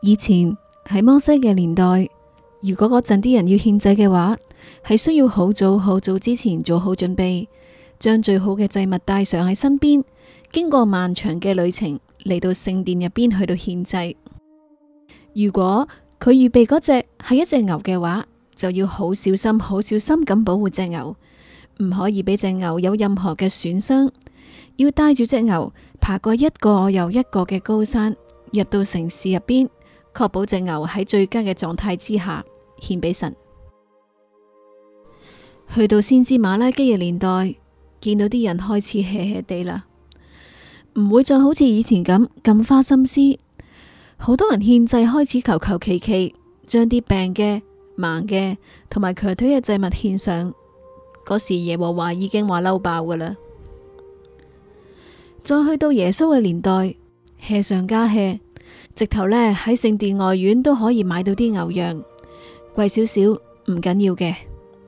以前喺摩西嘅年代，如果嗰陣啲人要獻祭嘅話，係需要好早好早之前做好準備，將最好嘅祭物帶上喺身邊，經過漫長嘅旅程嚟到聖殿入邊去到獻祭。如果佢預備嗰隻係一隻牛嘅話，就要好小心好小心咁保護隻牛，唔可以俾隻牛有任何嘅損傷，要帶住隻牛爬過一個又一個嘅高山，入到城市入邊。確保隻牛喺最佳嘅狀態之下獻俾神。去到先知馬拉基嘅年代，見到啲人開始 hea hea 地啦，唔會再好似以前咁咁花心思。好多人獻祭開始求求其其，將啲病嘅、盲嘅同埋瘸腿嘅祭物獻上。嗰時耶和華已經話嬲爆噶啦。再去到耶穌嘅年代，hea 上加 hea。直頭呢，喺聖殿外院都可以買到啲牛羊，貴少少唔緊要嘅，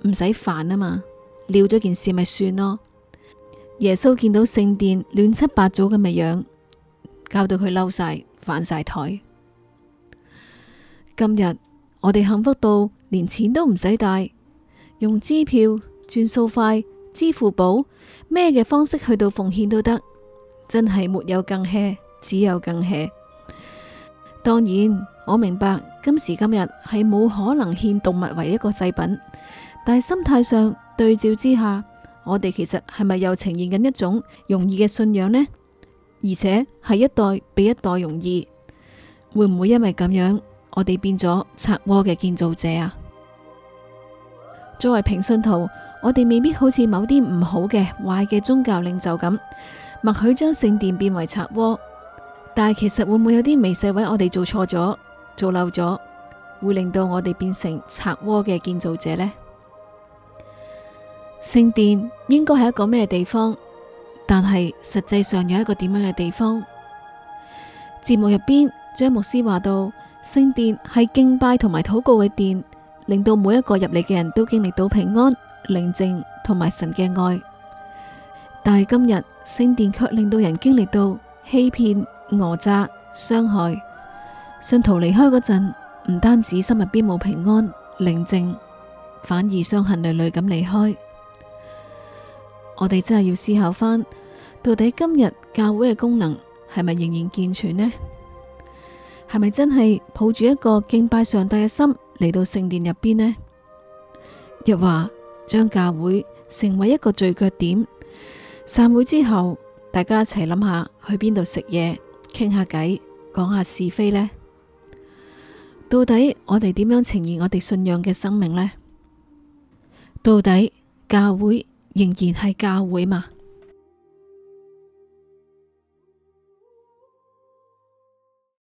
唔使煩啊嘛。料咗件事咪算咯。耶穌見到聖殿亂七八糟咁嘅樣，搞到佢嬲晒，返晒台。今日我哋幸福到連錢都唔使帶，用支票、轉數快、支付寶咩嘅方式去到奉獻都得，真係沒有更 hea，只有更 hea。當然，我明白今時今日係冇可能獻動物為一個祭品，但係心態上對照之下，我哋其實係咪又呈現緊一種容易嘅信仰呢？而且係一代比一代容易，會唔會因為咁樣，我哋變咗賊窩嘅建造者啊？作為平信徒，我哋未必好似某啲唔好嘅壞嘅宗教領袖咁，默許將聖殿變為賊窩。但係其實會唔會有啲微細位，我哋做錯咗、做漏咗，會令到我哋變成賊窩嘅建造者呢？聖殿應該係一個咩地方？但係實際上有一個點樣嘅地方？節目入邊，張牧師話到，聖殿係敬拜同埋禱告嘅殿，令到每一個入嚟嘅人都經歷到平安、寧靜同埋神嘅愛。但係今日聖殿卻令到人經歷到欺騙。訛詐傷害信徒離開嗰陣，唔單止心入邊冇平安寧靜，反而傷痕累累咁離開。我哋真係要思考返，到底今日教會嘅功能係咪仍然健全呢？係咪真係抱住一個敬拜上帝嘅心嚟到聖殿入邊呢？亦話將教會成為一個聚腳點，散會之後大家一齊諗下去邊度食嘢。傾下偈，講下是非呢？到底我哋點樣呈現我哋信仰嘅生命呢？到底教會仍然係教會嘛？